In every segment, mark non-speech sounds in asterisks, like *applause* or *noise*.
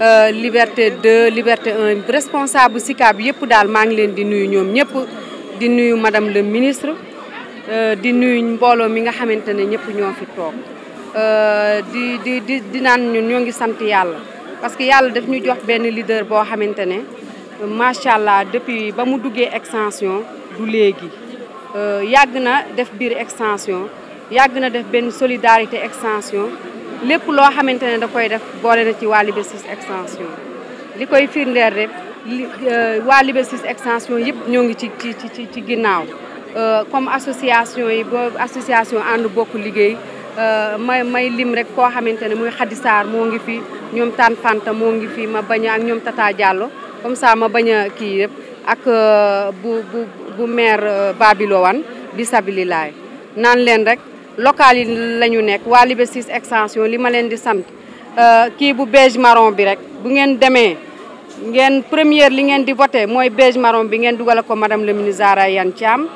Euh, liberté de liberté 1 responsable SICAB yëpp daal maa ngi leen di nuyu ñoom ñëpp di nuyu madame le ministre euh, di nuyu mbooloo mi nga xamante ne ñëpp ñoo fi toog euh, di di di di naan ñoo ngi sant yàlla parce que yàlla daf ñu jox benn leader boo xamante ne macha allah depuis ba mu duggee extension du léegi yàgg na def biir extension yàgg na def benn solidarité extension lépp loo xamante ne da koy def boole na ci waa Liberté 6 extension li koy firndeer rek li euh, waa Liberté 6 extension yëpp ñoo ngi ci ci ci ci ginnaaw euh, comme association yi bo association ànd bokk liggéey euh, may may lim rek koo xamante ne muy Khady moo ngi fi ñoom Tane moo ngi fi ma bañ a ak ñoom Tata Diallo comme ça ma bañ a kii yëpp ak bu bu bu maire Babilowane bi sabililaay naan leen rek local yi la ñu nekk waa Liberté 6 extension li ma leen di sant euh, kii bu beige marron bi rek bu ngeen demee ngeen première li ngeen di voté mooy beige maron bi ngeen dugal ko madame le ministre Zahra Iyane Thiam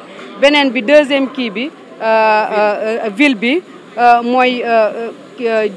beneen bi deuxième kii bi euh, euh, ville bi mooy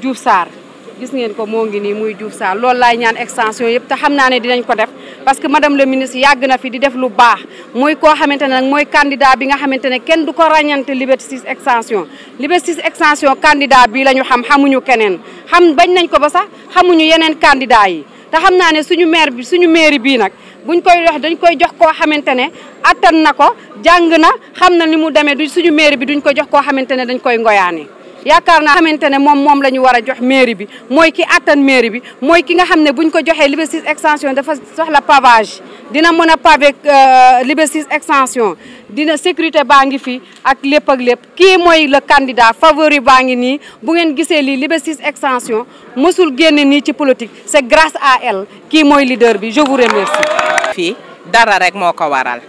Diouf saar gis ngeen ko moo ngi nii muy Diouf Sarr loolu laay ñaan extension yëpp te xam naa ne dinañ ko def parce que madame le ministre yàgg na fi di def lu baax mooy koo xamante ne nag mooy candidat bi nga xamante ne kenn du ko ràññante Liberté 6 extension Liberté 6 extension candidat bi la ñu xam xamuñu keneen xam bañ nañ ko ba sax xamuñu yeneen candidat yi te xam naa ne suñu maire bi suñu mairie bii nag buñ koy wax dañ koy jox koo xamante ne attan na ko jàng na xam na ni mu demee du suñu mairie bi duñ ko jox koo xamante ne dañ koy ngoyaane yaakaar naa xamante ne moom moom la ñu war a jox mairie bi mooy ki attan mairie bi mooy ki nga xam ne buñ ko joxee Liberté 6 extension dafa soxla pavage dina mën a pavé euh, Liberté 6 extension dina sécurité baa ngi fi ak lépp ak lépp kii mooy le candidat favori baa ngi nii bu ngeen gisee lii Liberté 6 extension mësul génn nii ci politique c'est grâce à elle kii mooy leader bi je vous remercie fii dara rek moo ko waral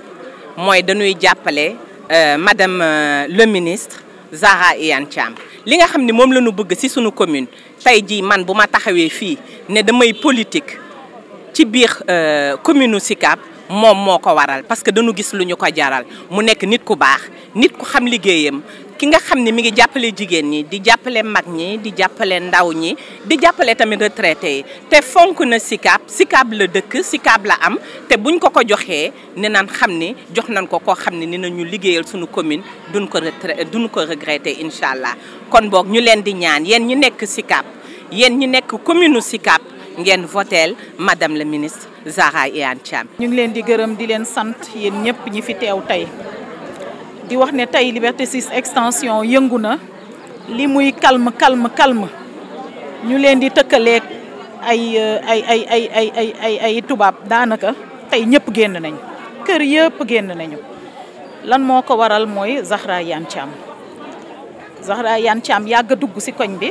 mooy dañuy jàppale euh, madame euh, le ministre Zahra Iyane Thiam li nga xam ne moom la bëgg ci suñu commune tey jii man bu ma taxawee fii ne damay politique ci biir euh, commune Sicap moom moo ko waral parce que dañu gis lu ñu ko jaral mu nekk nit ku baax nit ku xam liggéeyam ki nga xam ne mi ngi jàppale jigéen ñi di jàppale mag ñi di jàppale ndaw ñi di jàppale tamit retraité yi te fonk na SICAP SICAP la dëkk SICAP la am te buñ ko ko joxee ne naan xam ni jox nañ ko ko xam ne ni ñu liggéeyal suñu commune duñ ko retraité ko regretté incha allah kon boog ñu leen di ñaan yéen ñu nekk SICAP yéen ñu nekk commune SICAP ngeen voteel madame la ministre Zahra Iyane Thiam ñu ngi leen di gërëm di leen sant yéen ñëpp ñi fi teew tey di wax ne tey Liberté 6 extension yëngu na li muy calme kalm calme ñu leen di tëkkaleeg ay euh, ay ay ay ay ay ay ay tubaab daanaka tey ñëpp génn nañu kër yëpp génn nañu lan moo ko waral mooy Zahra Iyane Thiam Zahra Iyane Thiam yàgg a dugg si koñ bi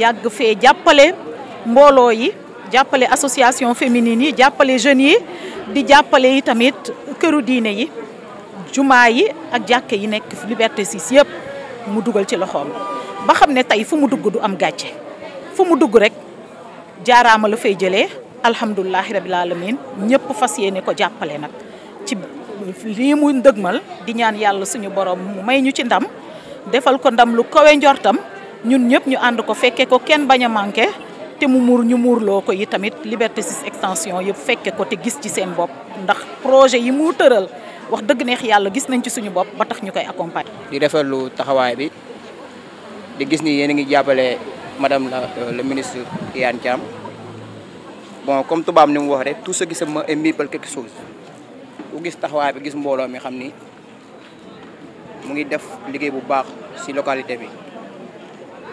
yàgg fee jàppale mbooloo yi jàppale association féminine yi jàppale jeunes yi di jàppale yi tamit këru diine yi jumaa yi ak jàkke yi nekk Liberté 6 yëpp mu dugal ci loxoom ba xam ne tey fu mu dugg du am gàcce fu mu dugg rek jaaraama la fay jëlee alhamdulilahi rabil alamin ñëpp fas yéene ko jàppale nag ci lii mu ndëgmal di ñaan yàlla suñu borom mu may ñu ci ndam defal ko ndam lu kawe njortam ñun ñëpp ñu ànd ko fekke ko kenn bañ a manqué te mu muur ñu muurloo ko yi tamit Liberté 6 extension yëpp fekke ko te gis ci seen bopp ndax projet yi mu tëral wax dëgg neex yàlla gis nañ ci suñu bopp ba tax ñu koy accompagner. di rafetlu taxawaay bi di gis ni yéen a ngi jàppale madame la euh, le ministre Iyane Thiam bon comme tubaab ni mu wax rek tout ce qui se met est mieux que quelque chose ku gis taxawaay bi gis mbooloo mi xam ni mu ngi def liggéey bu baax ci localité bi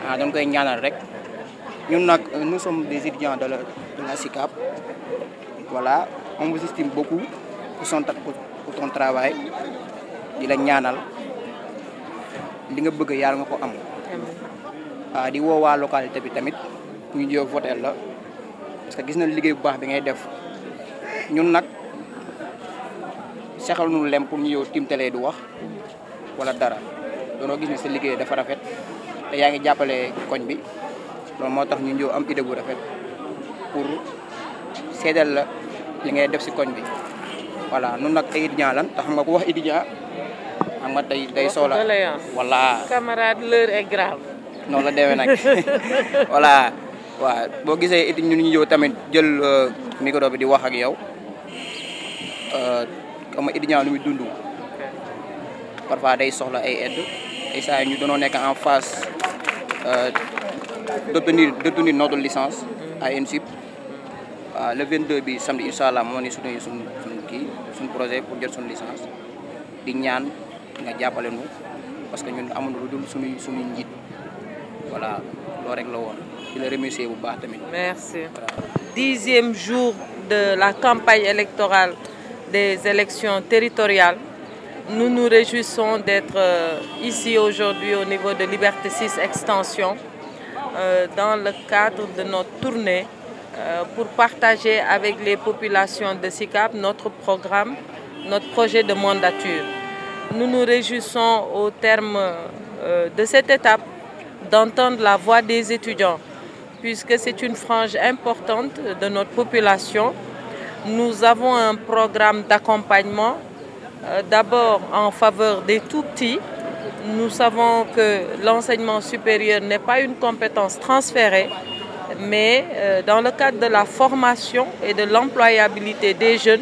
ah dañ koy ñaanal rek ñun nag nous sommes des étudiants de la de la SICAP voilà on vous pour ton travail di la ñaanal li nga bëgg yàlla nga ko am. waaw ah, di woo waa localité bi tamit ñu jóg voté la parce que gis nañ liggéey bu baax bi ngay def ñun nag sexal nu lem pour ñu yow timtalee du wax wala dara doonoo gis ne sa liggéey dafa rafet te yaa ngi jàppale koñ bi loolu moo tax ñu ñëw am idée bu rafet pour seedal la li ngay def si koñ bi. voilà nun nag ay étudiant lan te xam nga ku wax étudiant xam nga day soxla voilà camarade *laughs* boo gisee étudiant ñu ñëw tamit jël euh, micro bi di wax ak yow euh, xam nga étudiant lu muy dund parfois day soxla ay aide ay saa ñu doonoo nekk en phase euh, d'obtenir d'obtenir notre licence à INSIP Euh, le 22 bi samedi incha allah moo ni suñu suñu suñu kii suñu projet pour jot suñu licence di ñaan nga jàppale nu parce que ñun amuñu lu dul suñuy suñuy njiit voilà loolu la woon bu baax tamit. merci dixième jour de la campagne électorale des élections territoriales nous nous réjouissons d'être euh, ici aujourd'hui au niveau de Liberté 6 Extension euh, dans le cadre de notre tournée Euh, pour partager avec les populations de SICAP notre programme, notre projet de mandature. Nous nous réjouissons au terme euh, de cette étape d'entendre la voix des étudiants, puisque c'est une frange importante de notre population. Nous avons un programme d'accompagnement, euh, d'abord en faveur des tout-petits. Nous savons que l'enseignement supérieur n'est pas une compétence transférée, mais euh, dans le cadre de la formation et de l'employabilité des jeunes,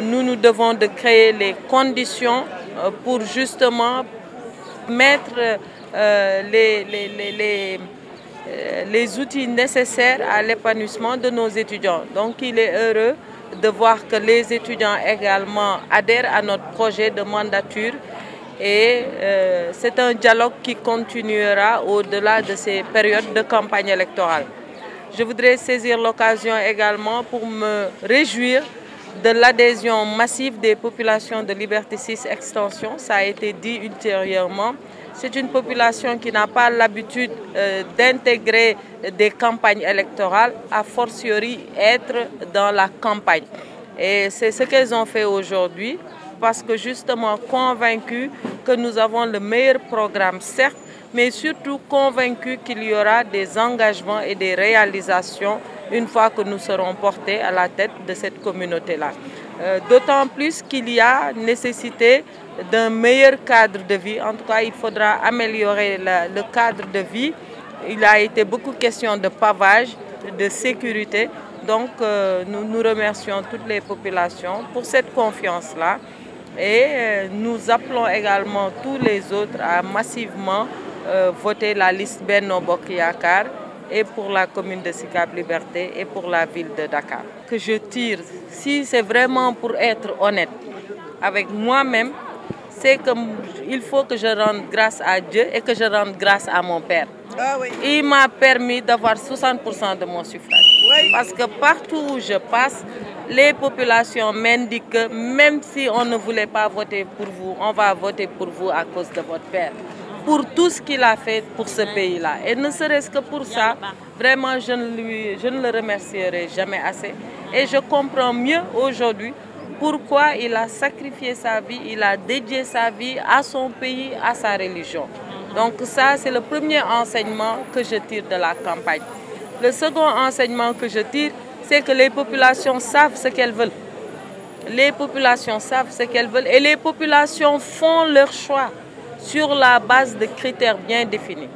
nous, nous devons de créer les conditions euh, pour justement mettre euh, les, les, les, les euh, les outils nécessaires à l'épanouissement de nos étudiants. Donc il est heureux de voir que les étudiants également adhèrent à notre projet de mandature et euh, c'est un dialogue qui continuera au-delà de ces périodes de campagne électorale. Je voudrais saisir l'occasion également pour me réjouir de l'adhésion massive des populations de Liberté 6 Extension. Ça a été dit ultérieurement. C'est une population qui n'a pas l'habitude euh, d'intégrer des campagnes électorales, à fortiori être dans la campagne. Et c'est ce qu'elles ont fait aujourd'hui, parce que justement convaincus que nous avons le meilleur programme, certes, mais surtout convaincus qu'il y aura des engagements et des réalisations une fois que nous serons portés à la tête de cette communauté-là. Euh, D'autant plus qu'il y a nécessité d'un meilleur cadre de vie. En tout cas, il faudra améliorer le cadre de vie. Il a été beaucoup question de pavage, de sécurité. Donc, euh, nous, nous remercions toutes les populations pour cette confiance-là. Et euh, nous appelons également tous les autres à massivement Euh, voté la liste Benno Bokk Yaakaar et pour la commune de Sicap Liberté et pour la ville de Dakar. Que je tire, si c'est vraiment pour être honnête avec moi-même, c'est qu'il faut que je rende grâce à Dieu et que je rende grâce à mon père. Ah Il m'a permis d'avoir de mon suffrage. Parce que partout où je passe, les populations m'indiquent que même si on ne voulait pas voter pour vous, on va voter pour vous à cause de votre père. pour tout ce qu'il a fait pour ce pays-là. Et ne serait-ce que pour ça, vraiment, je ne, lui, je ne le remercierai jamais assez. Et je comprends mieux aujourd'hui pourquoi il a sacrifié sa vie, il a dédié sa vie à son pays, à sa religion. Mhm. Donc ça, c'est le premier enseignement que je tire de la campagne. Le second enseignement que je tire, c'est que les populations savent ce qu'elles veulent. Les populations savent ce qu'elles veulent et les populations font leur choix. sur la base de critères bien définis.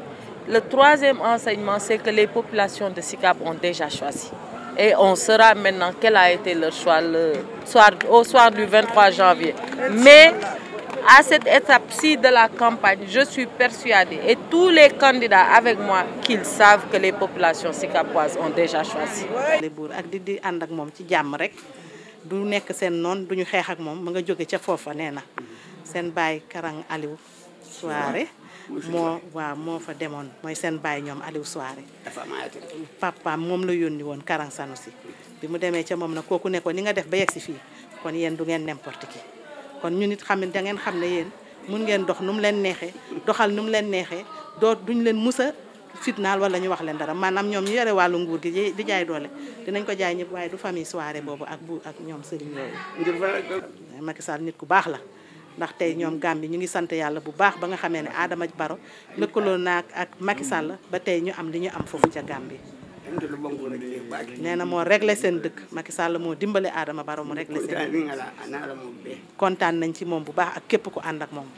Le troisième enseignement, c'est que les populations de SICAP ont déjà choisi. Et on saura maintenant quel a été leur choix le soir, au soir du 23 janvier. Mais à cette étape-ci de la campagne, je suis persuadée, et tous les candidats avec moi, qu'ils savent que les populations sicapoises ont déjà choisi. li buur ak di ànd ak moom ci jàmm rek du nekk seen noon du ñu xeex ak moom mu nga jóge ca foofa nee na seen bàyyi Karang Aliou Soare moo waaw moo fa demoon mooy seen baay ñoom Aliou Soare papaam moom la yónni woon karan sanu si bi mu demee ca moom na kooku ne ko ni nga def ba yegg si fii kon yéen du ngeen n'importe qui kon ñu nit xam ne da xam ne yéen mun ngeen dox nu mu leen neexee doxal nu mu leen neexee doo duñ leen musa fitnaal wala ñu wax leen dara maanaam ñoom ñu yore wàllu nguur gi di jaay doole dinañ ko jaay ñëpp waaye du famille soirée boobu ak bu ak ñoom sëriñ yooyu Macky Sall nit ku baax la ndax tey ñoom Gambie ñu ngi sant yàlla bu baax ba nga xamee ne Adama Barrow lëkkaloo naa ak Macky Sall ba tey ñu am li ñu am foofu ca Gambie. nee na moo réglé seen dëkk Macky Sall moo dimbale Adama Barrow mu réglé kontaan nañ ci moom bu baax ak képp ku ànd ak moom.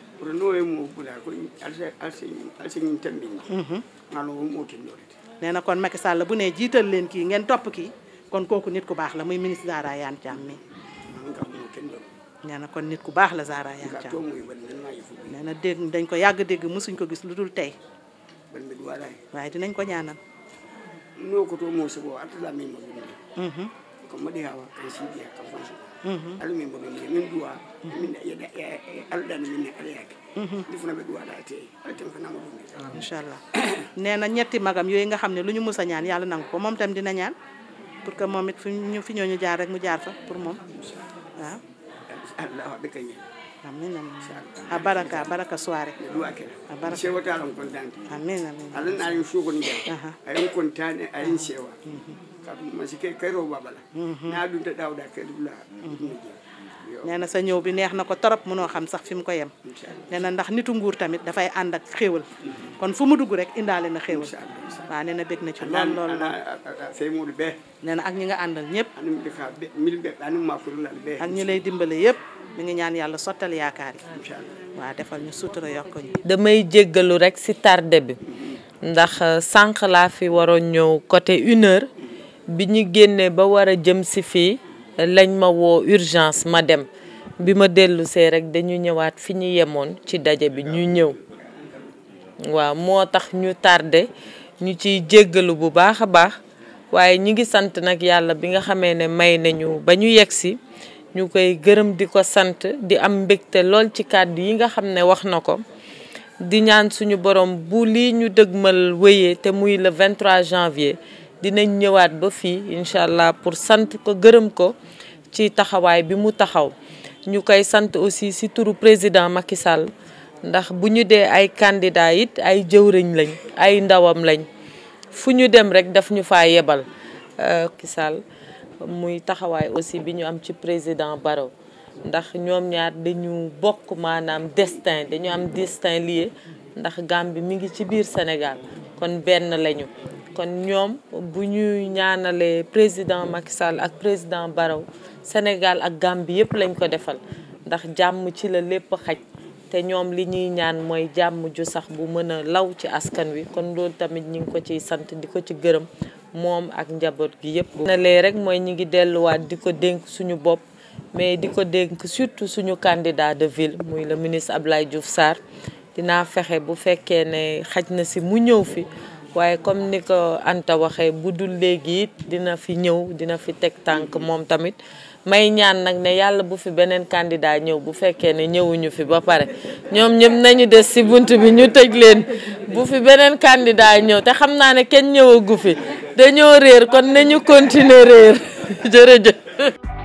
nee na kon Macky Sall bu ne jiital leen kii ngeen topp kii kon kooku nit ku baax la muy ministre Zahra Iyane Thiam mi nee na kon nit ku baax la Zahra Iyane Thiam dañ ko yàgg dégg mësuñ ko gis lu dul tey dinañ ko ñaanal ko madi hawa kan nee na ñetti magam yooyu nga xam ne lu ñu a ñaan yàlla nangu ko moom tam dina ñaan pour que moom it fi ñu ñooñu jaar rek mu jaar fa pour moom waaw allah haɓe amin amin a baraka a baraka soire amin amin alan ayen suukoni jam ayen contane ayen sewa kaɗum si ke mhm. mhm. na ɗum ñëw bi neex na ko torop mënoo xam sax fi mu ko yem nee ndax nitu nguur tamit dafay ànd ak kon fu mu dugg rek indaale na xéwal waaw nee na bég na ci lool lool lool sey ak ñi nga àndal ñëpp ak ñu lay dimbale yëpp mi ngi ñaan yàlla sottal yaakaar yi defal ñu sutura yokk damay jéggalu rek si tardé bi ndax euh, sànq laa fi waroon ñëw côté une bi ñu génnee ba war a jëm si fii lañ ma woo urgence ma dem bi ma dellu see rek dañu ñëwaat fi ñu yemoon ci daje bi ñu ñëw waaw moo tax ñu tardé ñu ciy jéggalu bu baax a baax waaye ñi ngi sant nag yàlla bi nga xamee ne may nañu ba ñu yegg si ñu koy gërëm di ko sant di am mbégte lool ci kàddu yi nga xam ne wax na ko di ñaan suñu borom bu lii ñu dëgg dëgmal wéyee te muy le 23 janvier dinañ ñëwaat ba fii incha allah pour sant ko gërëm ko ci taxawaay bi mu taxaw ñu koy sant aussi ci turu président Macky ndax bu ñu dee ay candidat it ay jëwriñ lañu ay ndawam lañ fu ñu dem rek daf ñu faa yebal euh, Macky Sall muy taxawaay aussi bi ñu am ci président Barrow ndax ñoom ñaar dañu bokk maanaam destin dañu am destin lié ndax Gambie mi ngi ci biir Sénégal kon benn lañu kon ñoom bu ñuy ñaanalee président Macky Sall ak président Barrow Sénégal ak Gambie yëpp lañ ko defal ndax jàmm ci la lépp xaj te ñoom li ñuy ñaan mooy jàmm ju sax bu mën a law ci askan wi kon loolu tamit ñi ngi ko ciy sant di ko ci gërëm moom ak njaboot gi yëpp. na lee rek mooy ñi ngi delluwaat di ko dénk suñu bopp mais di ko dénk surtout suñu candidat de ville muy le ministre Abdoulaye Diouf saar dinaa fexe bu fekkee ne xaj na si mu ñëw fi. waaye comme ni ko Anta waxee bu dul léegi it dina fi ñëw dina fi teg tànk moom tamit. may ñaan nag ne yàlla bu fi beneen candidat ñëw bu fekkee ne ñëwuñu fi ba pare ñoom ñëpp nañu des si bunt bi ñu tëj leen bu fi beneen candidat ñëw te xam naa ne kenn ñëwagu fi dañoo réer kon nañu continuer réer *laughs* jërëjëf.